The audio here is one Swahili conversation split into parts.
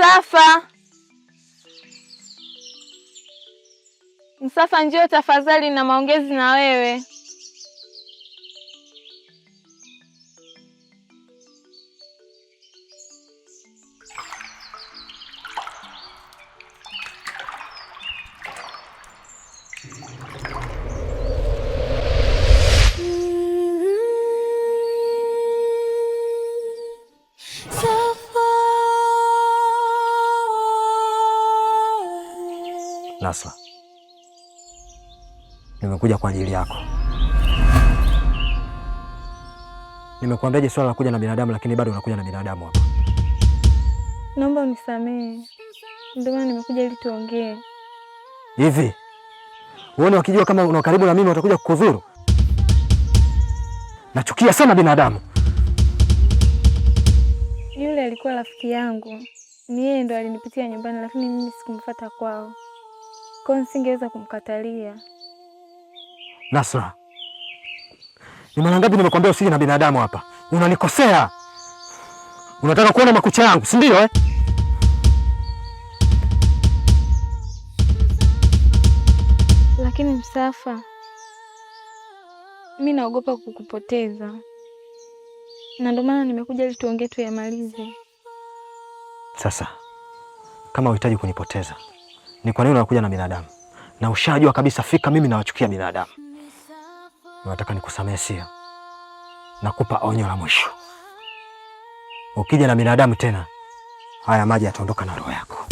Msafa, Msafa, njoo tafadhali na maongezi na wewe. Nasra, nimekuja kwa ajili yako. Nimekuambiaje swala la kuja na binadamu, lakini bado unakuja na binadamu hapa. Naomba unisamehe, ndio maana nimekuja ili tuongee. Hivi uone, wakijua kama una karibu na mimi watakuja kukudhuru. Nachukia sana binadamu. Yule alikuwa rafiki yangu, ni yeye ndo alinipitia nyumbani, lakini mimi sikumfuata kwao. Kwa hiyo nisingeweza kumkatalia. Nasra, ni mara ngapi nimekwambia usije na binadamu hapa? Unanikosea. Unataka kuona makucha yangu, si ndio eh? Lakini Msafa, mi naogopa kukupoteza, na ndio maana nimekuja ili tuongee tuyamalize. Sasa kama uhitaji kunipoteza ni kwa nini unakuja na binadamu na ushajua kabisa fika, mimi nawachukia binadamu. Nataka nikusamehe, sio? Nakupa onyo la mwisho, ukija na binadamu tena, haya maji yataondoka na roho yako.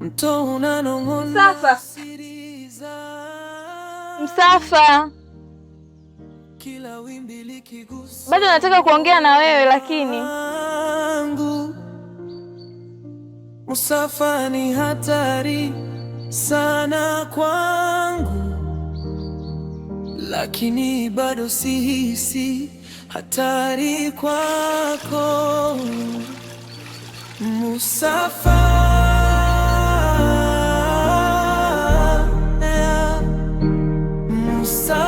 Msafa, Msafa. Bado nataka kuongea na wewe lakini Musafa ni hatari sana kwangu, lakini bado sihisi hatari kwako. Musafa Musafa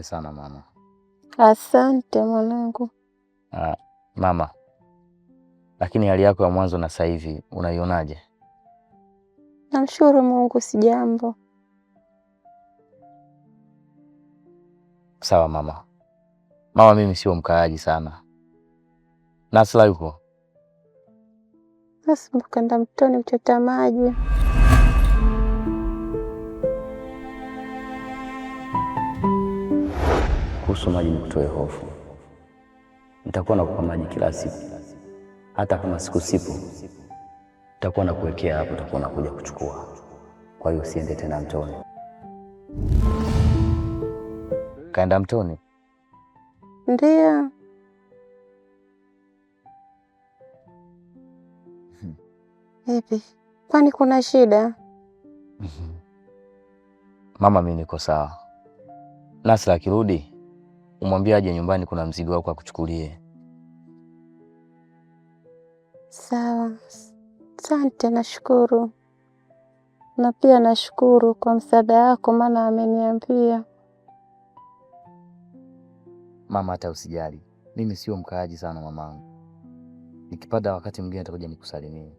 Pole sana mama. Asante mwanangu. Ah, mama, lakini hali yako ya mwanzo na sasa hivi unaionaje? Namshukuru Mungu, si jambo. Sawa mama. Mama, mimi sio mkaaji sana. Nasla yuko Nasla, mtoni kuchota maji. kuhusu maji nikutoe hofu. Nitakuwa nakupa maji kila siku, hata kama siku sipo nitakuwa nakuwekea hapo, nitakuwa nakuja kuchukua. Kwa hiyo usiende tena mtoni. Kaenda mtoni? Ndio. Hmm. Vipi, kwani kuna shida? Mama, mi niko sawa. Nasla akirudi umwambie aje nyumbani, kuna mzigo wako akuchukulie. Sawa, asante, nashukuru. Na pia nashukuru kwa msaada wako, maana ameniambia. Mama, hata usijali, mimi sio mkaaji sana mamangu, nikipata wakati mwingine atakuja nikusalimie.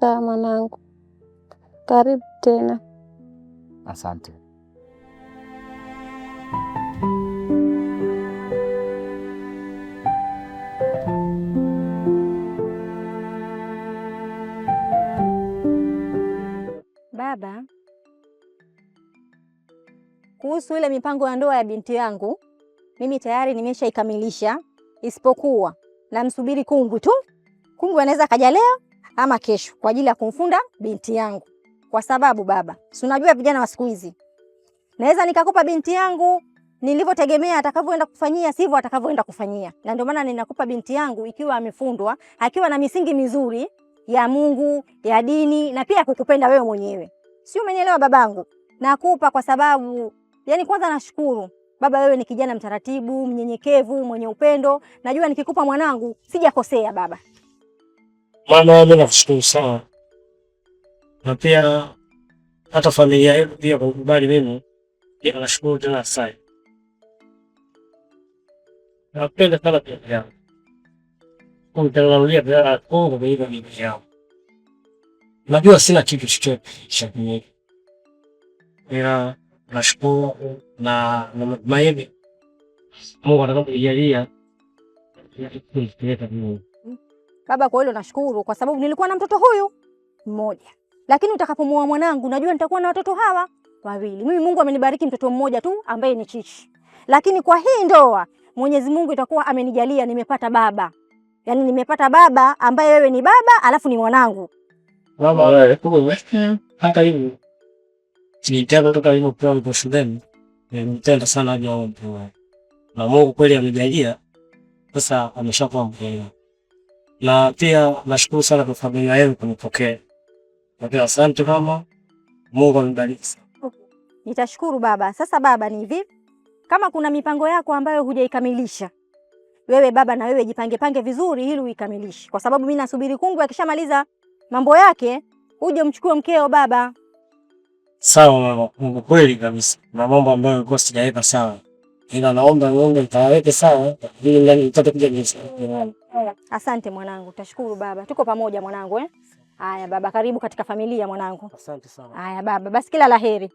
Sawa mwanangu, karibu tena. Asante. Baba, kuhusu ile mipango ya ndoa ya binti yangu, mimi tayari nimeshaikamilisha, isipokuwa namsubiri kungwi tu. Kungwi anaweza kaja leo ama kesho kwa ajili ya kumfunda binti yangu, kwa sababu baba, si unajua vijana wa siku hizi naweza nikakupa binti yangu nilivyotegemea atakavyoenda kufanyia sivyo atakavyoenda kufanyia, na ndio maana ninakupa binti yangu ikiwa amefundwa, akiwa na misingi mizuri ya Mungu, ya dini na pia kukupenda wewe mwenyewe. Sio, umenielewa babangu? Nakupa kwa sababu yani, kwanza nashukuru baba, wewe ni kijana mtaratibu, mnyenyekevu, mwenye upendo. Najua nikikupa mwanangu sijakosea baba. Mama, mimi nakushukuru sana, na pia hata familia yetu pia kukubali mimi pia nashukuru tena sana. Napenda sana bibi yangu. Kumtanalia bila akongo kwa hivyo bibi yangu. Najua sina kitu chochote cha kumweka. Ila nashukuru na na matumaini. Mungu atakapojalia Baba, kwa hilo nashukuru kwa sababu nilikuwa na mtoto huyu mmoja, lakini utakapomuoa mwanangu, najua nitakuwa na watoto hawa wawili. Mimi Mungu amenibariki mtoto mmoja tu ambaye ni Chichi, lakini kwa hii ndoa Mwenyezi Mungu itakuwa amenijalia, nimepata baba, yaani nimepata baba ambaye wewe ni baba alafu ni mwanangu baba. hata hivyo nilitaka toka nilipokuwa niko shuleni, nilipenda sana haja ombi na Mungu kweli amejalia, sasa ameshakuwa mkuu Na pia nashukuru sana kwa familia yenu kunipokea, na pia asante kama Mungu amebariki sana. Nitashukuru baba. Sasa baba, ni hivi, kama kuna mipango yako ambayo hujaikamilisha wewe baba, na wewe jipange pange vizuri ili uikamilishe, kwa sababu mimi nasubiri kungwi akishamaliza mambo yake uje umchukue mkeo baba. Sawa mama kungwi, kweli kabisa, na mambo ambayo nilikuwa sijaweka sawa, ila naomba Mungu nitaweke sawa ili ndani nipate kuja kujisikiliza. Asante mwanangu, tashukuru baba, tuko pamoja mwanangu eh? Haya baba, karibu katika familia mwanangu. Asante sana. Haya baba, basi kila laheri.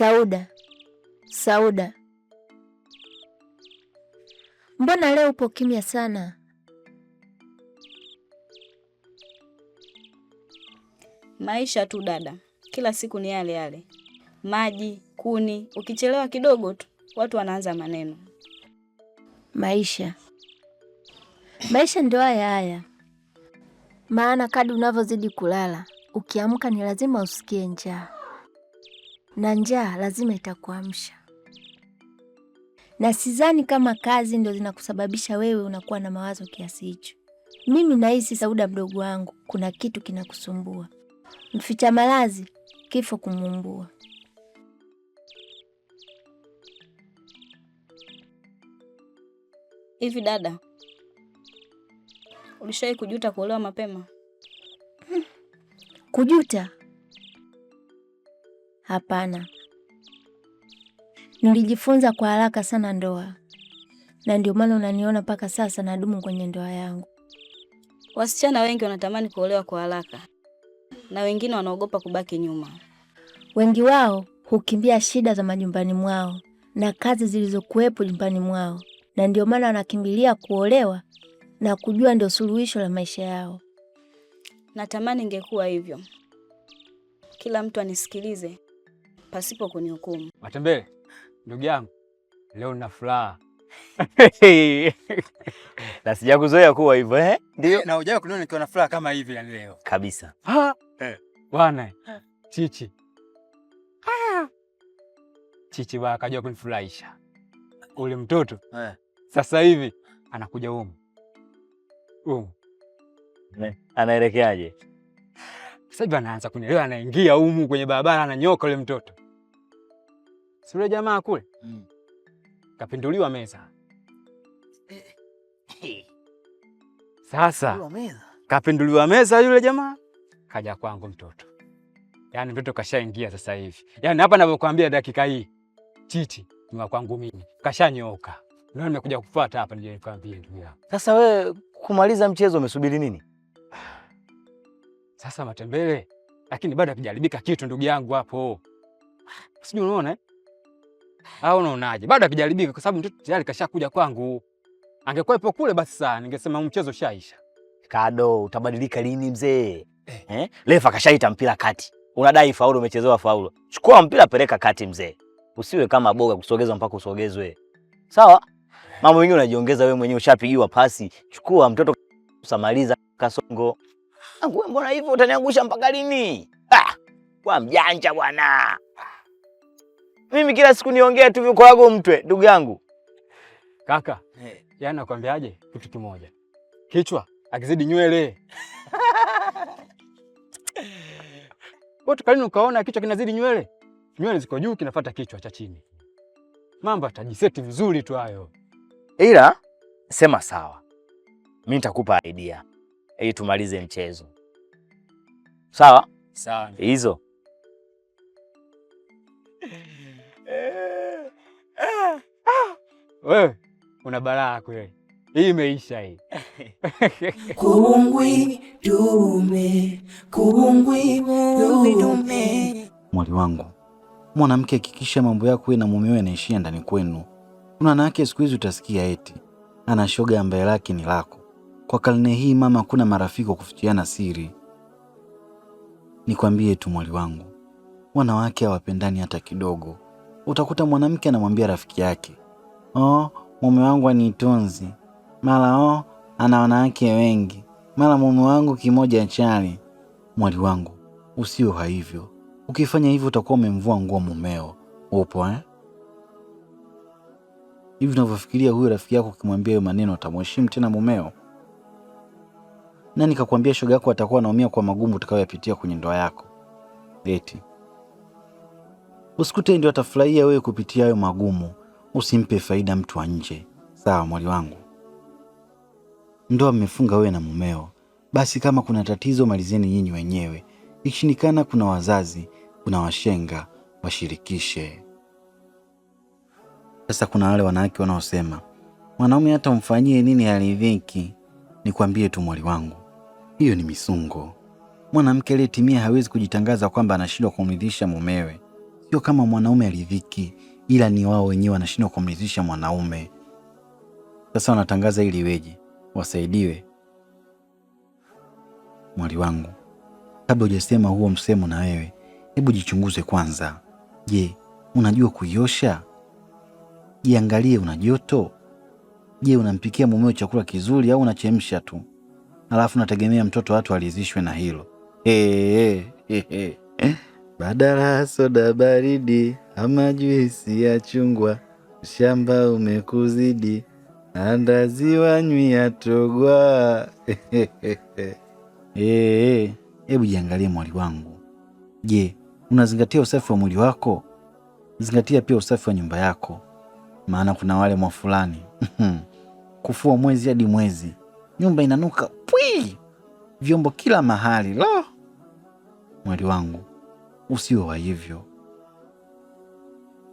Sauda, Sauda, mbona leo upo kimya sana? Maisha tu dada, kila siku ni yale yale, maji, kuni. Ukichelewa kidogo tu watu wanaanza maneno. Maisha, maisha ndio haya haya, maana kadi unavyozidi kulala, ukiamka ni lazima usikie njaa na njaa lazima itakuamsha, na sidhani kama kazi ndio zinakusababisha wewe unakuwa na mawazo kiasi hicho. Mimi nahisi, Sauda mdogo wangu, kuna kitu kinakusumbua. Mficha malazi kifo kumuumbua. Hivi dada, ulishawahi kujuta kuolewa mapema? Kujuta Hapana, nilijifunza kwa haraka sana ndoa, na ndio maana unaniona mpaka sasa nadumu kwenye ndoa yangu. Wasichana wengi wanatamani kuolewa kwa haraka, na wengine wanaogopa kubaki nyuma. Wengi wao hukimbia shida za majumbani mwao na kazi zilizokuwepo nyumbani mwao, na ndio maana wanakimbilia kuolewa na kujua ndio suluhisho la maisha yao. Natamani ingekuwa hivyo, kila mtu anisikilize pasipo kunihukumu. Matembele, ndugu yangu, leo nina furaha na sijakuzoea kuwa hivyo eh? Ndio. Na hujawahi kuniona nikiwa na furaha kama hivi yani leo. Kabisa. Ha? Eh. Bwana. Chichi. Ha. Chichi bwana akaja kunifurahisha. Ule mtoto. Eh. Sasa hivi anakuja umu. Umu. Eh, anaelekeaje? Sasa hivi anaanza kunielewa, anaingia umu kwenye barabara, ananyoka ule mtoto. Si yule jamaa kule mm. kapinduliwa meza eh, eh. sasa kapinduliwa meza yule jamaa kaja kwangu mtoto, yaani mtoto kashaingia sasa hivi, yaani hapa navyokwambia dakika hii Titi ni wa kwangu mimi, kashanyoka ndio nimekuja kufuata hapa nije ndugu yangu. Sasa wewe kumaliza mchezo umesubiri nini? Sasa matembele, lakini bado hakijaribika kitu ndugu yangu hapo, sijui unaona eh? au unaonaje? Bado hakijaribika kwa sababu mtoto tayari kashakuja kwangu. Angekuwa ipo kule basi sana ningesema mchezo shaisha. Kado, utabadilika lini mzee? Eh. Eh? Refa kashaita mpira kati. Unadai faulu, umechezewa faulu. Chukua mpira peleka kati mzee. Usiwe kama boga kusogezwa mpaka usogezwe. Sawa? Mambo mengi unajiongeza wewe mwenyewe, ushapigiwa pasi. Chukua mtoto usamaliza kasongo. Angu, mbona hivyo utaniangusha mpaka lini? Ah, kwa mjanja bwana mimi kila siku niongea tu kwa mtwe, ndugu yangu kaka. Hey. Yani nakwambiaje kitu kimoja, kichwa akizidi nywele kalini, ukaona kichwa kinazidi nywele, nywele ziko juu, kinafuata kichwa cha chini, mambo atajiseti vizuri tu hayo. Ila sema sawa, mi nitakupa idea ili tumalize mchezo sawa sawa, hizo wewe una balaa kweli, hii imeisha hii. Kungwi dume, kungwi dume. Mwali wangu mwanamke, hakikisha mambo yako na mumewe yanaishia ndani kwenu. Kuna wanawake siku hizi utasikia eti ana shoga ambaye lake ni lako. Kwa karne hii mama, kuna marafiki wa kufichiana siri. Nikwambie tu mwali wangu, wanawake hawapendani hata kidogo utakuta mwanamke anamwambia rafiki yake, oh, mume wangu anitunzi, mara oh, ana wanawake wengi, mara mume wangu kimoja chali. Mwali wangu usio haivyo, ukifanya hivyo utakuwa umemvua nguo mumeo. Upo eh? Hivi unavyofikiria huyo rafiki yako ukimwambia hayo maneno atamheshimu tena mumeo? nani kakuambia shoga yako atakuwa anaumia kwa magumu utakayoyapitia kwenye ndoa yako. Eti usikute ndio atafurahia wewe kupitia hayo magumu. Usimpe faida mtu wa nje, sawa mwali wangu? Ndoa mmefunga wewe na mumeo, basi kama kuna tatizo malizeni nyinyi wenyewe. Ikishindikana kuna wazazi, kuna washenga, washirikishe. Sasa kuna wale wanawake wanaosema mwanaume hata umfanyie nini haridhiki. Nikwambie tu mwali wangu, hiyo ni misungo. Mwanamke aliyetimia hawezi kujitangaza kwamba anashindwa kumridhisha mumewe sio kama mwanaume aridhiki, ila ni wao wenyewe wanashindwa kumridhisha mwanaume. Sasa wanatangaza ili weje Wasaidiwe. Mwali wangu, kabla hujasema huo msemo, na wewe hebu jichunguze kwanza. Je, unajua kuiosha? Jiangalie, una joto? Je, unampikia mumeo chakula kizuri au unachemsha tu? Alafu nategemea mtoto watu alizishwe na hilo? Hey, hey, hey, hey. Badala ya soda baridi ama juisi ya chungwa, ushamba umekuzidi, andazi wanywia togwa. Eh, hebu jiangalie mwali wangu. Je, unazingatia usafi wa mwili wako? Zingatia pia usafi wa nyumba yako, maana kuna wale mwa fulani kufua mwezi hadi mwezi, nyumba inanuka pwi, vyombo kila mahali. Lo, mwali wangu usiwe wa hivyo.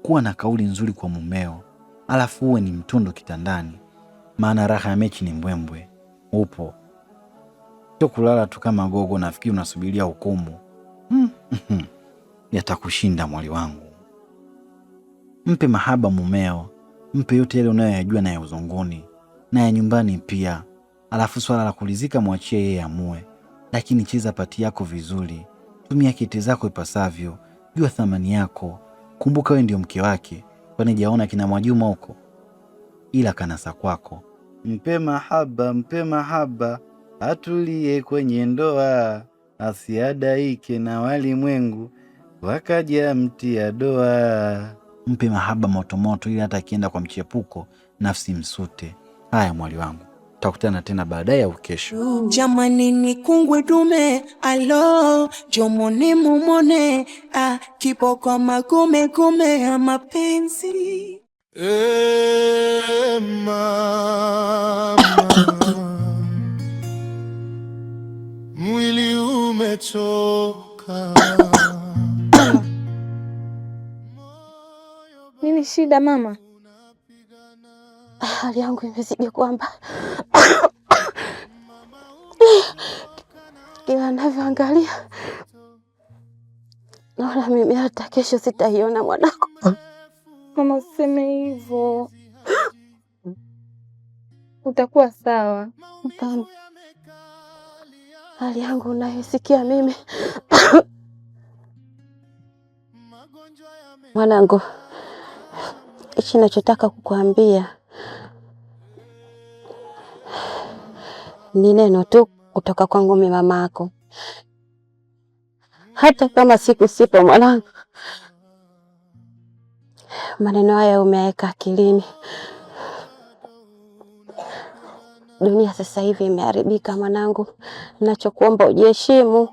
Kuwa na kauli nzuri kwa mumeo, alafu uwe ni mtundo kitandani, maana raha ya mechi ni mbwembwe. Upo sio kulala tu kama gogo, nafikiri unasubiria hukumu. Hmm, hmm, hmm. yatakushinda mwali wangu. Mpe mahaba mumeo, mpe yote yale unayoyajua na ya uzunguni na ya nyumbani pia, alafu swala la kulizika mwachie yeye amue, lakini cheza pati yako vizuri Tumia akili zako ipasavyo, jua thamani yako. Kumbuka wewe ndio mke wake, kwani jaona kina Mwajuma huko, ila kanasa kwako. Mpe mahaba, mpe mahaba, atulie kwenye ndoa, asiadaike na walimwengu wakaja mtia doa. Mpe mahaba motomoto, ili hata akienda kwa mchepuko nafsi msute. Haya mwali wangu tutakutana tena baadaye au kesho. Jamani, ni kungwe dume alo jomoni mumone ah, kiboko magume gume ya mapenzi mama mwili umechoka nini shida mama? hali yangu imezidi kwamba kila navyoangalia naona mimi hata kesho sitaiona mwanako. Mama, useme hivyo, utakuwa sawa. Hapana, hali yangu unayosikia mimi mwanangu, hichi nachotaka kukuambia ni neno tu kutoka kwangu mimi mamako. Hata kama siku sipo mwanangu, maneno haya umeweka akilini. Dunia sasa hivi imeharibika mwanangu, ninachokuomba ujiheshimu.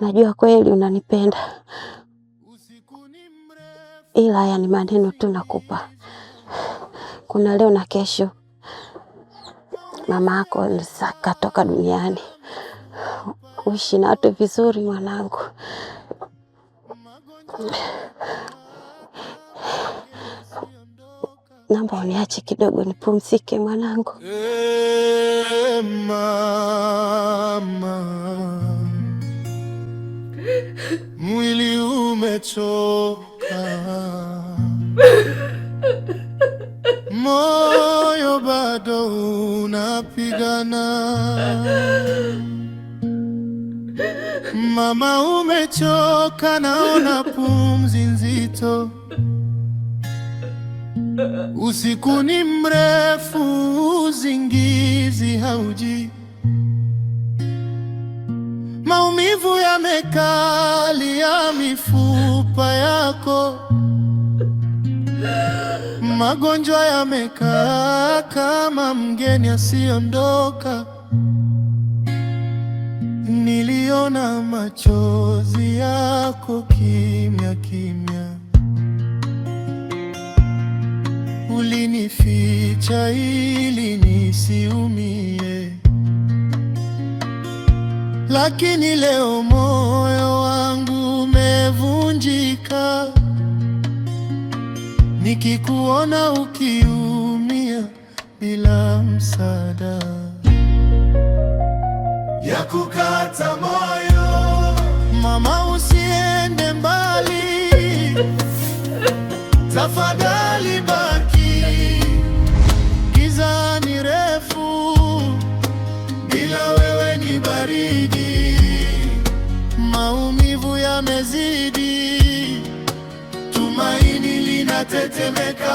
Najua kweli unanipenda, ila haya ni maneno tu nakupa kuna leo na kesho. Mama yako katoka duniani, uishi na watu vizuri mwanangu. Naomba uniache kidogo nipumzike mwanangu. Hey, eh, mama mwili umechoka moyo bado unapigana mama, umechoka, naona pumzi nzito, usiku ni mrefu, uzingizi hauji, maumivu yamekali ya mifupa yako Magonjwa yamekaa kama mgeni asiondoka. Niliona machozi yako kimya kimya, ulinificha ili nisiumie, lakini leo moyo wangu umevunjika nikikuona ukiumia bila msaada ya kukata moyo. Mama, usiende mbali tafadhali. natetemeka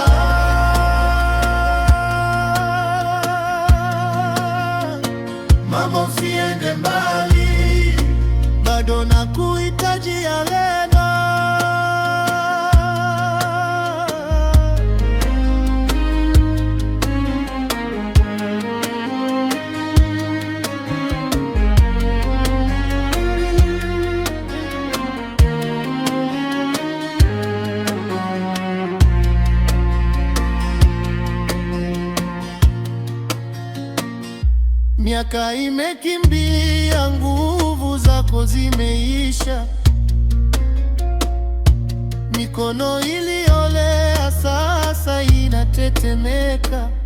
Miaka imekimbia, nguvu zako zimeisha, mikono iliyolea sasa inatetemeka.